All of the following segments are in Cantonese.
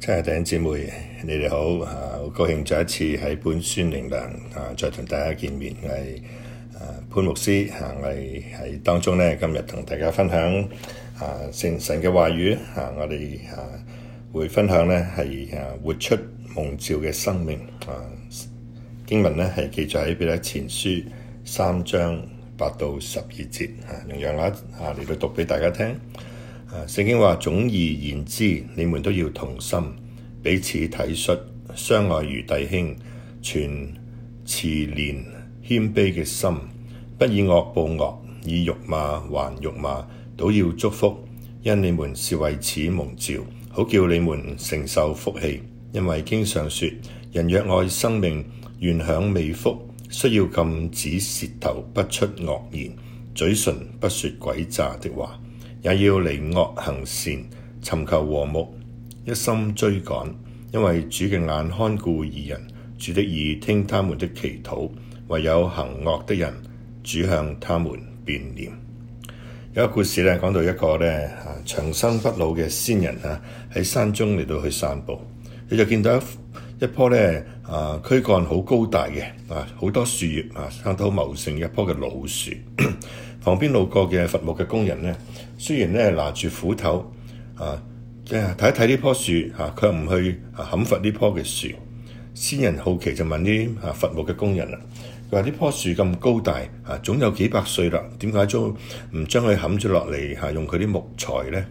真係弟兄姊妹，你哋好！啊，好高興再一次喺本宣明堂啊，再同大家見面，係啊潘牧師啊，嚟喺當中呢，今日同大家分享啊，聖神嘅話語啊，我哋啊會分享呢係啊，是活出夢兆嘅生命啊。經文呢係記載喺《彼得前書》三章八到十二節啊，容讓我啊嚟到讀俾大家聽。聖經話總而言之，你們都要同心，彼此體恤，相愛如弟兄，存慈憐、謙卑嘅心，不以惡報惡，以辱罵還辱罵，倒要祝福，因你們是為此蒙召，好叫你們承受福氣。因為經上說：人若愛生命，願享美福，需要禁止舌頭不出惡言，嘴唇不說詭詐的話。也要離惡行善，尋求和睦，一心追趕，因為主嘅眼看顧義人，主的耳聽他們的祈禱。唯有行惡的人，主向他們變臉。有個故事咧，講到一個咧長生不老嘅仙人啊，喺山中嚟到去散步，佢就見到一一棵咧啊，軀幹好高大嘅啊，好多樹葉啊，生得好茂盛嘅一棵嘅老樹。 旁邊路過嘅伐木嘅工人咧。雖然拿住斧頭，睇一睇呢棵樹，嚇、啊，佢唔去砍伐呢棵嘅樹。先人好奇就問呢嚇伐木嘅工人，佢話呢棵樹咁高大，嚇、啊、總有幾百歲啦，點解將唔將佢砍咗落嚟用佢啲木材呢？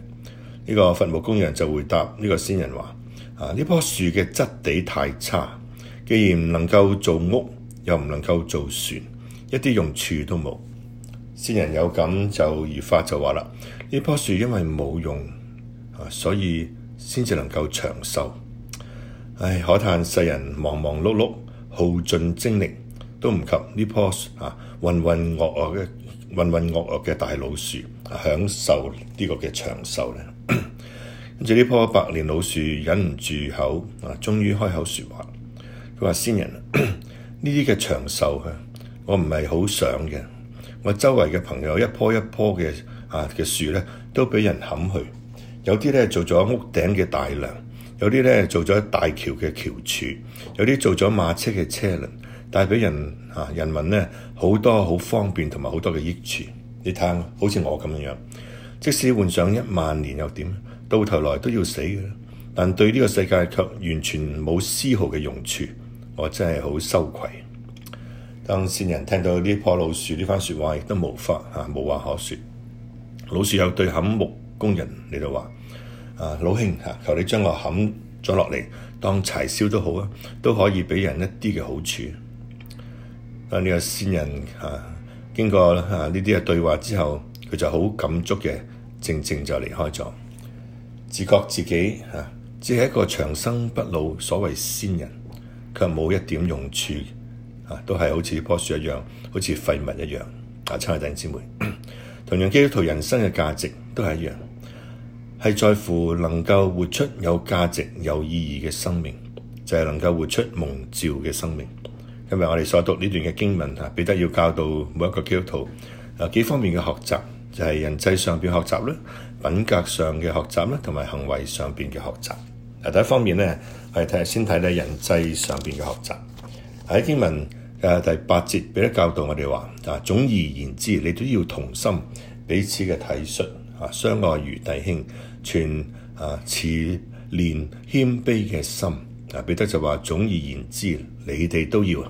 這」呢個伐木工人就回答呢個先人話：呢、啊、棵樹嘅質地太差，既然唔能夠做屋，又唔能夠做船，一啲用處都冇。先人有感就而發，就話啦：呢棵樹因為冇用所以先至能夠長壽。唉，可嘆世人忙忙碌碌，耗盡精力都唔及呢棵啊渾渾噩噩嘅，渾渾噩噩嘅大老樹、啊、享受呢個嘅長壽咧。跟住呢棵百年老樹忍唔住口啊，終於開口説話：佢話先人，呢啲嘅長壽啊，我唔係好想嘅。我周圍嘅朋友一棵一棵嘅啊嘅樹咧，都俾人砍去，有啲咧做咗屋頂嘅大梁，有啲咧做咗大橋嘅橋柱，有啲做咗馬車嘅車輪，帶畀人啊人民咧好多好方便同埋好多嘅益處。你睇下，好似我咁樣，即使換上一萬年又點？到頭來都要死嘅，但對呢個世界卻完全冇絲毫嘅用處。我真係好羞愧。當仙人聽到呢棵老樹呢番説話，亦都無法嚇、啊、無話可説。老樹有對砍木工人，你就話：，啊老兄嚇、啊，求你將我砍咗落嚟當柴燒都好啊，都可以畀人一啲嘅好處。但、啊、呢、呢個仙人嚇、啊、經過嚇呢啲嘅對話之後，佢就好感觸嘅，靜靜就離開咗，自覺自己嚇、啊、只係一個長生不老所謂仙人，卻冇一點用處。都係好似棵樹一樣，好似廢物一樣。啊，親愛弟兄姊妹，同樣基督徒人生嘅價值都係一樣，係在乎能夠活出有價值、有意義嘅生命，就係能夠活出蒙召嘅生命。今日我哋所讀呢段嘅經文啊，彼得要教導每一個基督徒啊幾方面嘅學習，就係人際上邊學習啦、品格上嘅學習啦，同埋行為上邊嘅學習。啊，第一方面咧，係睇下先睇咧人際上邊嘅學習喺經文。第八節，彼得教導我，我哋話啊總而言之，你都要同心彼此嘅體恤啊，相愛如弟兄，存啊慈憐謙卑嘅心啊。彼得就話總而言之，你哋都要啊、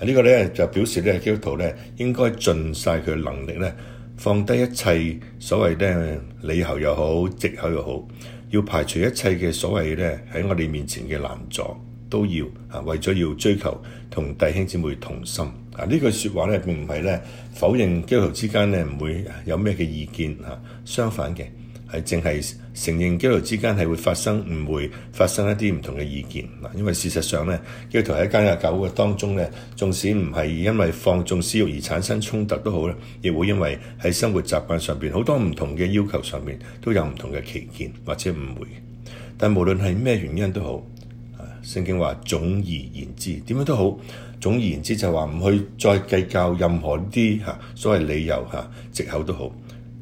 這個、呢個咧就表示咧基督徒咧應該盡晒佢嘅能力咧，放低一切所謂咧理由又好，藉口又好，要排除一切嘅所謂咧喺我哋面前嘅難阻，都要啊為咗要追求。同弟兄姊妹同心啊！呢句説話咧並唔係咧否認基督徒之間咧唔會有咩嘅意見啊，相反嘅係淨係承認基督徒之間係會發生誤會、發生一啲唔同嘅意見啊。因為事實上咧，基督徒喺一間嘅教會當中咧，縱使唔係因為放縱私欲而產生衝突都好咧，亦會因為喺生活習慣上邊好多唔同嘅要求上面都有唔同嘅歧見或者誤會。但無論係咩原因都好。聖經話總而言之，點樣都好，總而言之就係話唔去再計較任何啲嚇所謂理由嚇藉口都好，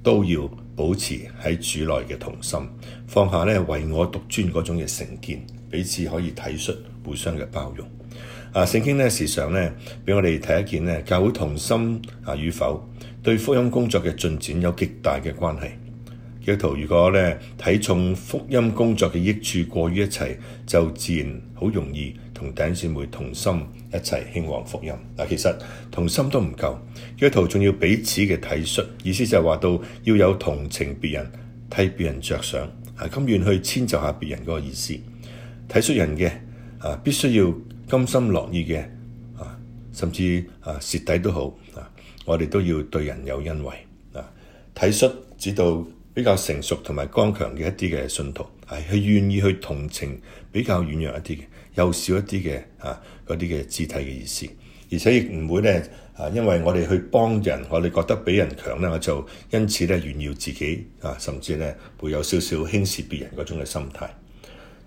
都要保持喺主內嘅同心，放下咧為我獨尊嗰種嘅成見，彼此可以體恤互相嘅包容。啊，聖經咧時常咧俾我哋睇一件咧教會同心啊與否，對福音工作嘅進展有極大嘅關係。基督徒如果呢睇重福音工作嘅益處過於一切，就自然好容易同弟兄姊妹同心一齊興旺福音。嗱，其實同心都唔夠，基督徒仲要彼此嘅體恤，意思就係話到要有同情別人，替別人着想，啊，甘願去遷就下別人嗰個意思。體恤人嘅啊，必須要甘心樂意嘅啊，甚至啊蝕底都好啊，我哋都要對人有恩惠啊，體恤指到。比較成熟同埋剛強嘅一啲嘅信徒，係、啊、佢願意去同情比較軟弱一啲嘅，幼少一啲嘅啊嗰啲嘅肢體嘅意思。而且亦唔會咧啊，因為我哋去幫人，我哋覺得比人強咧，我就因此咧炫耀自己啊，甚至咧會有少少輕視別人嗰種嘅心態。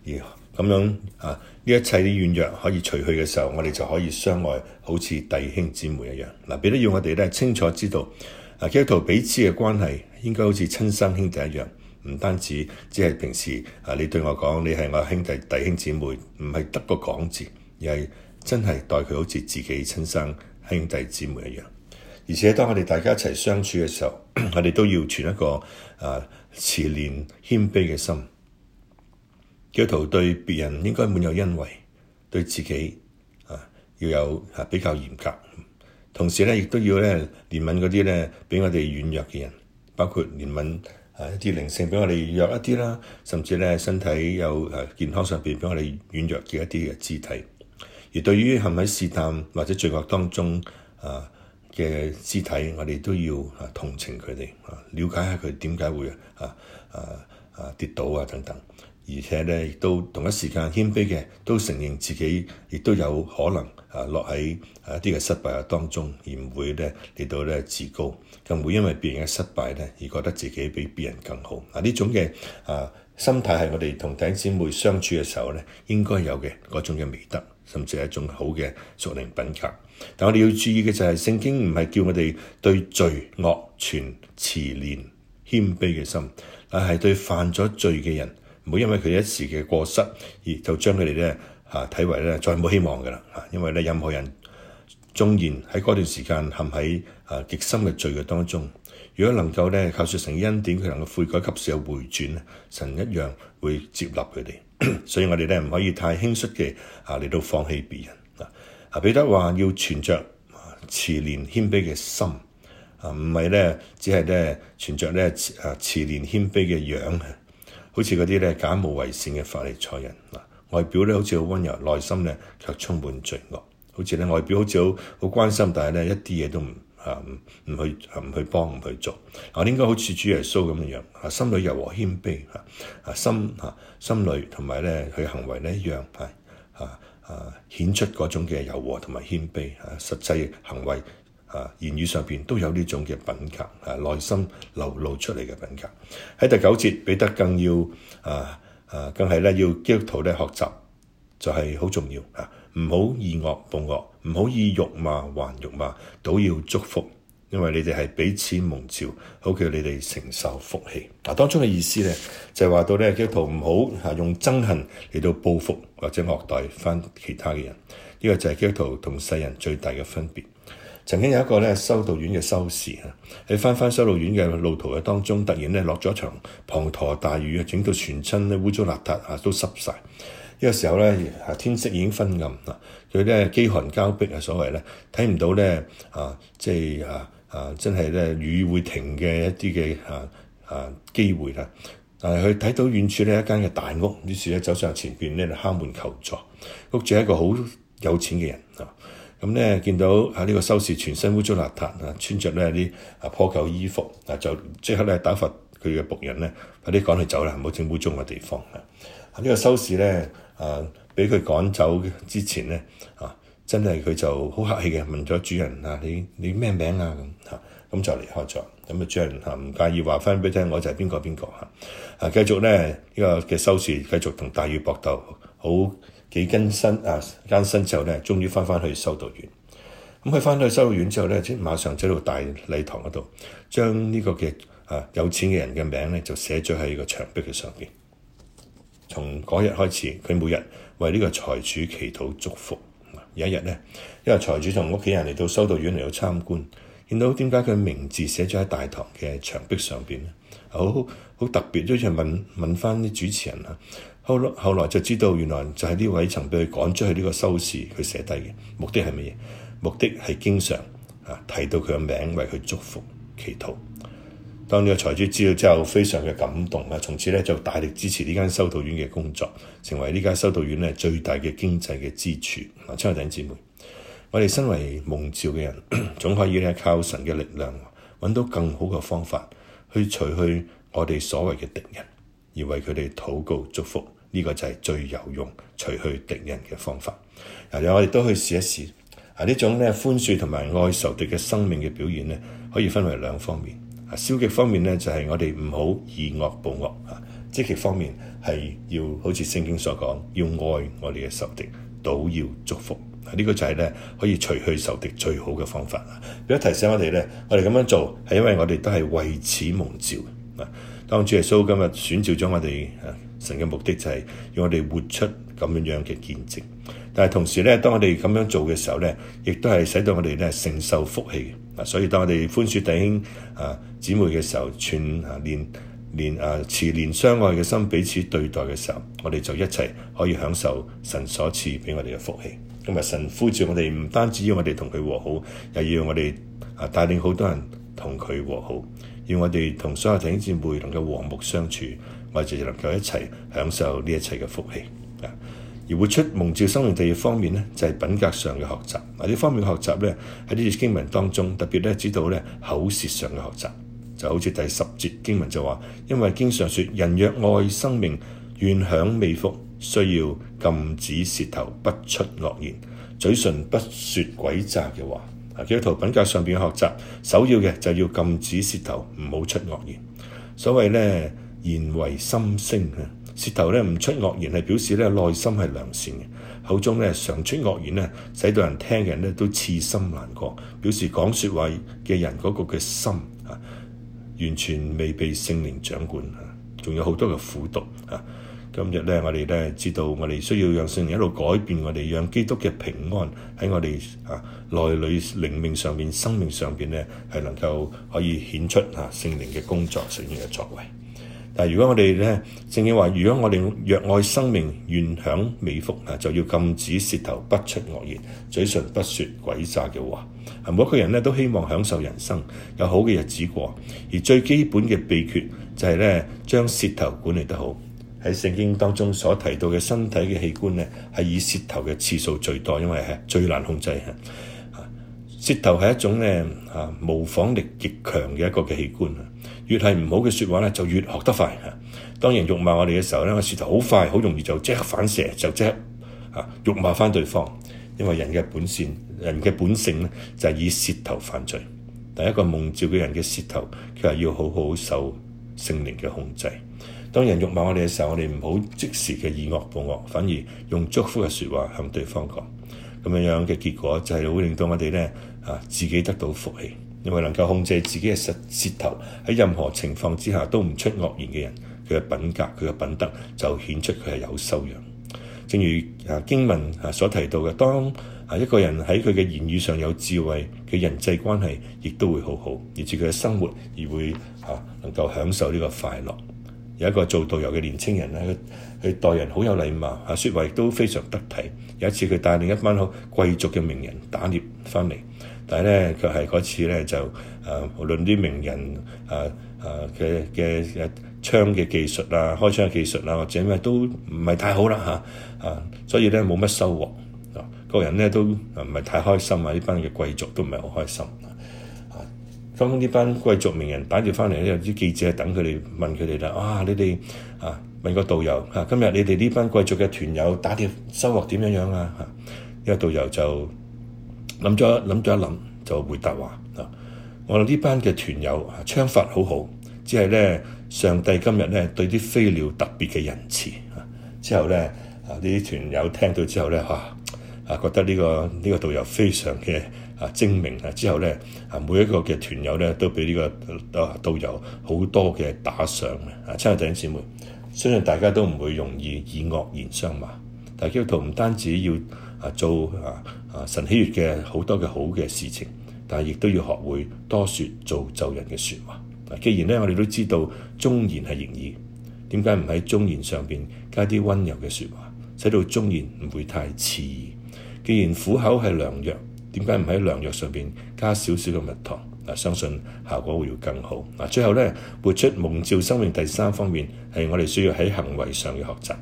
而咁樣啊，呢、啊、一切啲軟弱可以除去嘅時候，我哋就可以相愛好似弟兄姊妹一樣。嗱、啊，畀得要我哋咧清楚知道。啊！基督徒彼此嘅關係應該好似親生兄弟一樣，唔單止只係平時啊，你對我講你係我兄弟弟兄姊，姊妹，唔係得個講字，而係真係待佢好似自己親生兄弟姊妹一樣。而且當我哋大家一齊相處嘅時候， 我哋都要存一個啊慈憐謙卑嘅心。基督徒對別人應該滿有恩惠，對自己啊要有啊比較嚴格。同時咧，亦都要咧憐憫嗰啲咧，比我哋軟弱嘅人，包括憐憫、啊、一啲靈性俾我哋弱一啲啦，甚至身體有健康上邊俾我哋軟弱嘅一啲嘅肢體。而對於含喺試探或者罪惡當中嘅肢、啊、體，我哋都要、啊、同情佢哋、啊，了解下佢點解會啊啊啊跌倒啊等等。而且呢，亦都同一時間謙卑嘅，都承認自己亦都有可能。啊，落喺啊啲嘅失敗嘅當中，而唔會咧嚟到咧自高，更唔會因為別人嘅失敗咧而覺得自己比別人更好。啊，呢種嘅啊心態係我哋同弟兄姊妹相處嘅時候咧應該有嘅嗰種嘅美德，甚至係一種好嘅屬靈品格。但我哋要注意嘅就係、是、聖經唔係叫我哋對罪惡存慈憐謙卑嘅心，係對犯咗罪嘅人，唔好因為佢一時嘅過失而就將佢哋咧。嚇睇、啊、為咧，再冇希望嘅啦！嚇、啊，因為咧，任何人縱然喺嗰段時間陷喺啊極深嘅罪惡當中，如果能夠咧靠著成恩典，佢能夠悔改及時有回轉，神一樣會接納佢哋。所以我哋咧唔可以太輕率嘅嚇嚟到放棄別人。啊彼得話要存著、啊、慈憐謙卑嘅心，啊唔係咧只係咧存着咧啊慈憐謙卑嘅樣、啊，好似嗰啲咧假冒為善嘅法利賽人嗱。啊外表咧好似好溫柔，內心咧卻充滿罪惡。好似咧外表好似好好關心，但係咧一啲嘢都唔啊唔唔去唔去幫唔去做。我、啊、應該好似主耶穌咁樣樣，啊心裏柔和謙卑嚇嚇、啊、心嚇、啊、心裏同埋咧佢行為咧一樣係啊啊顯出嗰種嘅柔和同埋謙卑嚇、啊、實際行為嚇、啊、言語上邊都有呢種嘅品格嚇、啊、內心流露出嚟嘅品格。喺第九節彼得更要啊。啊，更係咧要基督徒咧學習，就係、是、好重要嚇，唔、啊、好以惡報惡，唔好以辱罵還辱罵，都要祝福，因為你哋係彼此蒙召，好叫你哋承受福氣。嗱、啊，當中嘅意思咧，就係、是、話到咧，基督徒唔好嚇用憎恨嚟到報復或者虐待翻其他嘅人，呢、這個就係基督徒同世人最大嘅分別。曾經有一個咧修道院嘅修士啊，喺返返修道院嘅路途嘅當中，突然咧落咗場滂沱大雨啊，整到全身咧污糟邋遢啊，都濕晒。呢、這個時候呢，天色已經昏暗啦，佢呢飢寒交迫啊，所謂呢，睇唔到呢，啊，即係啊啊，真係呢雨會停嘅一啲嘅啊啊機會啦。但係佢睇到遠處呢一間嘅大屋，於是呢走上前邊咧敲門求助。屋主係一個好有錢嘅人啊。咁咧見到喺呢個收市全身污糟邋遢啊，穿着呢啲啊破舊衣服啊，就即刻咧打發佢嘅僕人咧快啲趕佢走啦，冇整污糟嘅地方啦。呢、啊呢個收市咧啊，俾佢趕走之前咧啊，真係佢就好客氣嘅問咗主人啊，你你咩名啊？咁嚇，咁、啊、就離開咗。咁啊主人嚇唔介意話翻俾你聽，我就係邊個邊個嚇。啊繼續咧呢、呢個嘅收市繼續同大雨搏鬥，好。幾更新啊！更新之後咧，終於翻返去修道院。咁佢翻到去修道院之後咧，即係馬上走到大禮堂嗰度，將呢個嘅啊有錢嘅人嘅名咧，就寫咗喺個牆壁嘅上邊。從嗰日開始，佢每日為呢個財主祈禱祝福。有一日咧，因為財主同屋企人嚟到修道院嚟到參觀，見到點解佢名字寫咗喺大堂嘅牆壁上邊咧，好好特別，於是問問翻啲主持人啊。後來就知道原來就係呢位曾被佢趕出去呢個修士佢寫低嘅目的係咩嘢？目的係經常啊提到佢嘅名，為佢祝福祈禱。當呢個財主知道之後，非常嘅感動啊！從此呢，就大力支持呢間修道院嘅工作，成為呢間修道院咧最大嘅經濟嘅支柱。嗱，親愛弟兄姊妹，我哋身為蒙召嘅人，總可以靠神嘅力量揾到更好嘅方法去除去我哋所謂嘅敵人，而為佢哋禱告祝福。呢個就係最有用除去敵人嘅方法，然後我哋都去試一試啊！種呢種咧寬恕同埋愛仇敵嘅生命嘅表現呢，可以分為兩方面啊。消極方面呢，就係、是、我哋唔好以惡報惡啊。積極方面係要好似聖經所講，要愛我哋嘅仇敵，都要祝福。呢、啊這個就係呢，可以除去仇敵最好嘅方法啊！俾我提醒我哋呢，我哋咁樣做係因為我哋都係為此蒙召啊。當主耶穌今日選召咗我哋，啊，神嘅目的就係要我哋活出咁樣樣嘅見證。但係同時咧，當我哋咁樣做嘅時候咧，亦都係使到我哋咧承受福氣。啊，所以當我哋寬恕弟兄啊姊妹嘅時候，全連連啊慈憐相愛嘅心彼此對待嘅時候，我哋就一齊可以享受神所賜俾我哋嘅福氣。今日神呼召我哋，唔單止要我哋同佢和好，又要我哋啊帶領好多人。同佢和好，要我哋同所有弟兄姊妹能夠和睦相處，我哋就能夠一齊享受呢一切嘅福氣。而活出蒙召生命第二方面呢，就係品格上嘅學習。呢方面學習呢，喺呢啲經文當中，特別咧指導呢，呢口舌上嘅學習，就好似第十節經文就話，因為經常說人若愛生命，願享美福，需要禁止舌頭不出惡言，嘴唇不說詭詐嘅話。喺個圖品格上邊嘅學習，首要嘅就要禁止舌頭唔好出惡言。所謂咧言為心聲，舌頭咧唔出惡言係表示咧內心係良善嘅，口中咧常出惡言咧，使到人聽嘅人咧都刺心難過。表示講説話嘅人嗰個嘅心啊，完全未被聖靈掌管，仲、啊、有好多嘅苦毒啊！今日咧，我哋咧知道，我哋需要讓聖靈一路改變我哋，讓基督嘅平安喺我哋啊內裏靈命上面、生命上邊咧，係能夠可以顯出啊聖靈嘅工作、聖靈嘅作為。但係如果我哋咧，聖經話，如果我哋若愛生命，願享美福啊，就要禁止舌頭不出惡言，嘴唇不說詭詐嘅話，係每一個人咧都希望享受人生，有好嘅日子過，而最基本嘅秘訣就係咧，將舌頭管理得好。喺聖經當中所提到嘅身體嘅器官呢，係以舌頭嘅次數最多，因為係最難控制舌頭係一種咧啊模仿力極強嘅一個嘅器官，越係唔好嘅說話呢，就越學得快。當然辱罵我哋嘅時候呢，我舌頭好快，好容易就即刻反射，就即刻啊辱罵翻對方。因為人嘅本性，人嘅本性呢，就係、是、以舌頭犯罪。第一個蒙照嘅人嘅舌頭，佢係要好好受聖靈嘅控制。當人辱罵我哋嘅時候，我哋唔好即時嘅以惡報惡，反而用祝福嘅説話向對方講。咁樣樣嘅結果就係會令到我哋咧啊自己得到福氣。因為能夠控制自己嘅舌舌頭，喺任何情況之下都唔出惡言嘅人，佢嘅品格、佢嘅品德就顯出佢係有修養。正如啊經文啊所提到嘅，當啊一個人喺佢嘅言語上有智慧，佢人際關係亦都會好好，而住佢嘅生活而會啊能夠享受呢個快樂。有一個做導遊嘅年輕人呢，佢待人好有禮貌嚇，説話亦都非常得體。有一次佢帶領一班好貴族嘅名人打獵返嚟，但係呢，卻係嗰次呢，就誒、呃、無論啲名人誒誒嘅嘅嘅槍嘅技術啊、開槍嘅技術啊，或者咩都唔係太好啦嚇啊，所以呢冇乜收穫啊，個人呢，都唔係太開心啊，呢班嘅貴族都唔係好開心。講呢班貴族名人打獵返嚟，有啲記者等佢哋問佢哋啦。啊，你哋啊問個導遊啊，今日你哋呢班貴族嘅團友打獵收穫點樣樣啊？嚇、啊，呢、呢個導遊就諗咗諗咗一諗就回答話、啊、我哋呢班嘅團友、啊、槍法好好，只係呢上帝今日咧對啲飛鳥特別嘅仁慈。之後呢，啊，呢啲團友聽到之後呢，話、啊啊啊、覺得呢、呢個呢、呢個導遊非常嘅。啊證明啊！之後呢，啊，每一個嘅團友呢，都俾呢、這個啊導遊好多嘅打賞啊。親愛弟兄姊妹，相信大家都唔會容易以惡言相罵。但係基督徒唔單止要做啊做啊啊神喜悅嘅好多嘅好嘅事情，但係亦都要學會多説造就人嘅説話嗱、啊。既然呢，我哋都知道忠言係逆耳，點解唔喺忠言上邊加啲溫柔嘅説話，使到忠言唔會太刺耳？既然苦口係良藥。點解唔喺良藥上邊加少少嘅蜜糖？嗱，相信效果會要更好。嗱，最後咧，活出蒙召生命第三方面係我哋需要喺行為上嘅學習。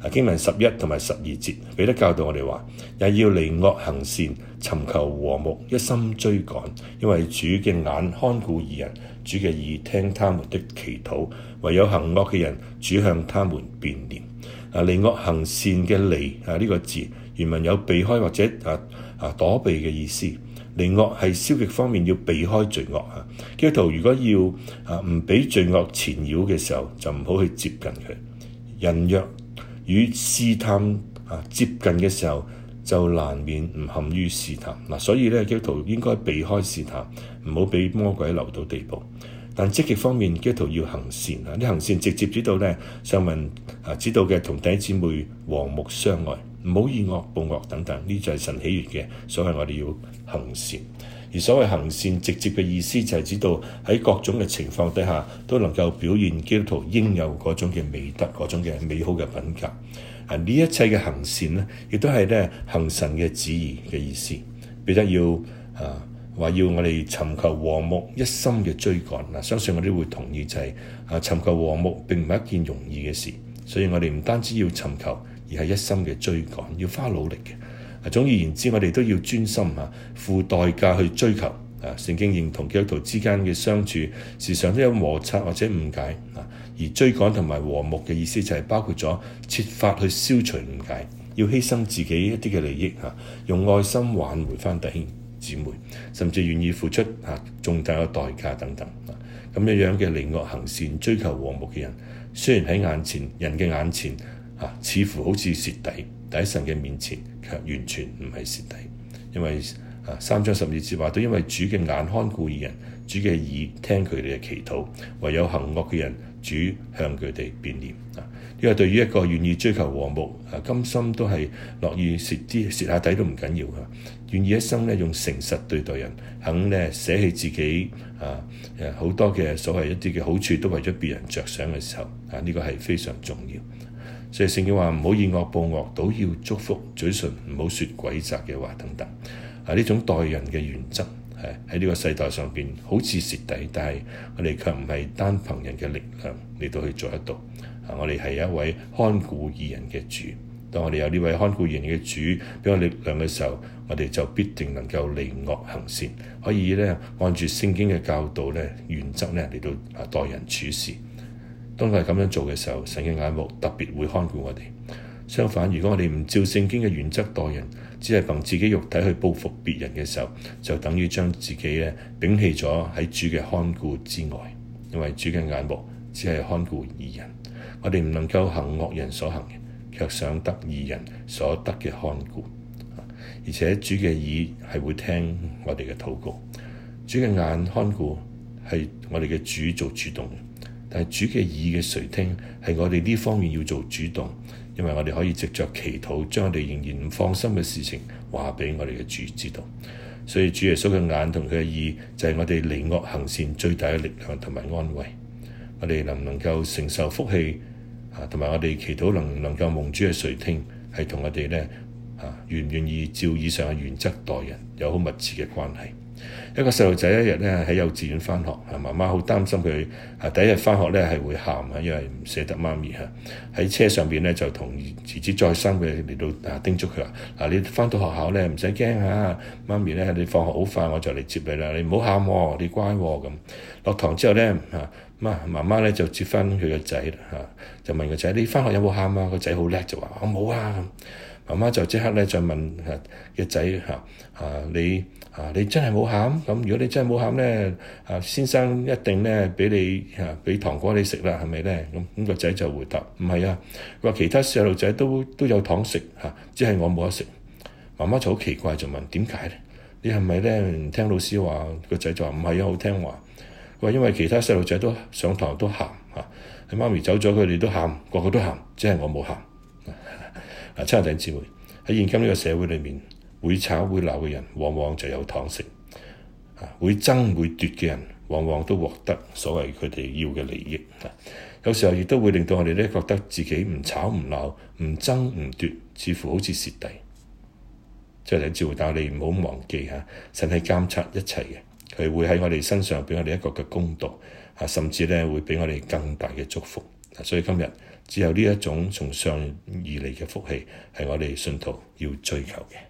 啊，經文十一同埋十二節彼得教導我哋話，也要離惡行善，尋求和睦，一心追趕，因為主嘅眼看顧義人，主嘅耳聽他們的祈禱。唯有行惡嘅人，主向他們變臉。啊，離惡行善嘅離，啊呢個字。原文有避開或者啊啊躲避嘅意思，離惡係消極方面要避開罪惡啊。基督徒如果要啊唔畀罪惡纏繞嘅時候，就唔好去接近佢。人若與試探啊接近嘅時候，就難免唔陷於試探，嗱、啊，所以呢，基督徒應該避開試探，唔好畀魔鬼留到地步。但積極方面，基督徒要行善啊，啲行善直接指導呢，上文啊指導嘅同弟子妹和睦相愛。唔好以惡報惡等等，呢就係神喜悅嘅，所以我哋要行善。而所謂行善，直接嘅意思就係指到喺各種嘅情況底下，都能夠表現基督徒應有嗰種嘅美德，嗰種嘅美好嘅品格。啊，呢一切嘅行善呢，亦都係咧行神嘅旨意嘅意思。彼得要啊話要我哋尋求和睦，一心嘅追趕。嗱、啊，相信我哋會同意就係、是、啊尋求和睦並唔係一件容易嘅事，所以我哋唔單止要尋求。而係一心嘅追趕，要花努力嘅。總而言之，我哋都要專心嚇，付代價去追求。啊，聖經認同基督徒之間嘅相處，時常都有摩擦或者誤解。啊，而追趕同埋和睦嘅意思就係包括咗設法去消除誤解，要犧牲自己一啲嘅利益嚇、啊，用愛心挽回返弟兄姊妹，甚至願意付出嚇重大嘅代價等等。啊，咁樣樣嘅離惡行善、追求和睦嘅人，雖然喺眼前人嘅眼前。似乎好似蝕底，但喺神嘅面前，卻完全唔係蝕底，因為啊、三章十二節話都因為主嘅眼看顧義人，主嘅耳聽佢哋嘅祈禱，唯有行惡嘅人，主向佢哋變臉啊。因為對於一個願意追求和睦啊，甘心都係樂意蝕啲蝕下底都唔緊要啊。願意一生咧用誠實對待人，肯咧捨棄自己啊啊啊、好多嘅所謂一啲嘅好處，都為咗別人着想嘅時候啊，呢、啊呢個係非常重要。所以聖經話唔好以惡報惡，都要祝福，嘴唇唔好說詭詐嘅話等等。係、啊、呢種待人嘅原則，係喺呢個世代上邊好似蝕底，但係我哋卻唔係單憑人嘅力量你都可以做得到。啊，我哋係一位看顧義人嘅主。當我哋有呢位看顧義人嘅主俾我力量嘅時候，我哋就必定能夠離惡行善，可以咧按住聖經嘅教導咧原則咧嚟到啊待人處事。當佢係咁樣做嘅時候，神嘅眼目特別會看顧我哋。相反，如果我哋唔照聖經嘅原則待人，只係憑自己肉體去報復別人嘅時候，就等於將自己咧摒棄咗喺主嘅看顧之外。因為主嘅眼目只係看顧義人，我哋唔能夠行惡人所行，卻想得義人所得嘅看顧。而且主嘅耳係會聽我哋嘅禱告，主嘅眼看顧係我哋嘅主做主動。但係主嘅耳嘅垂聽，係我哋呢方面要做主動，因為我哋可以藉着祈禱將我哋仍然唔放心嘅事情話畀我哋嘅主知道。所以主耶穌嘅眼同佢嘅耳，就係、是、我哋離惡行善最大嘅力量同埋安慰。我哋能唔能夠承受福氣啊？同埋我哋祈禱能唔能夠蒙主嘅垂聽，係同我哋咧啊願唔願意照以上嘅原則待人，有好密切嘅關係。一個細路仔一日咧喺幼稚園返學，啊媽媽好擔心佢，啊第一日返學咧係會喊啊，因為唔捨得媽咪吓。喺、啊、車上邊咧就同兒子再三嘅嚟到叮囑佢話：嗱、啊，你返到學校咧唔使驚啊，媽咪咧你放學好快我就嚟接你啦，你唔好喊喎，你乖喎、啊、咁。落堂之後咧啊咁啊，媽媽咧就接翻佢個仔吓，就問個仔：你返學有冇喊啊？個仔好叻就話：我冇啊。媽媽、啊、就即刻咧再問：嘅仔吓啊你？啊！你真係冇喊咁，如果你真係冇喊咧，啊先生一定咧俾你啊俾糖果你食啦，係咪咧？咁、那、咁個仔就回答：唔係啊，佢話其他細路仔都都有糖食嚇、啊，只係我冇得食。媽媽就好奇怪就問：點解咧？你係咪咧唔聽老師話？個仔就話唔係啊，好聽話。佢話因為其他細路仔都上堂都喊嚇，你、啊、媽咪走咗佢哋都喊，個個都喊，只係我冇喊。啊，親仔智慧喺現今呢個社會裏面。會吵會鬧嘅人，往往就有糖食、啊，會爭會奪嘅人，往往都獲得所謂佢哋要嘅利益、啊。有時候亦都會令到我哋咧覺得自己唔吵唔鬧、唔爭唔奪，似乎好似蝕底。即係你照呼，但係唔好忘記嚇、啊、神係監察一切嘅，佢會喺我哋身上畀我哋一個嘅公道，啊、甚至咧會畀我哋更大嘅祝福。所以今日只有呢一種從上而嚟嘅福氣，係我哋信徒要追求嘅。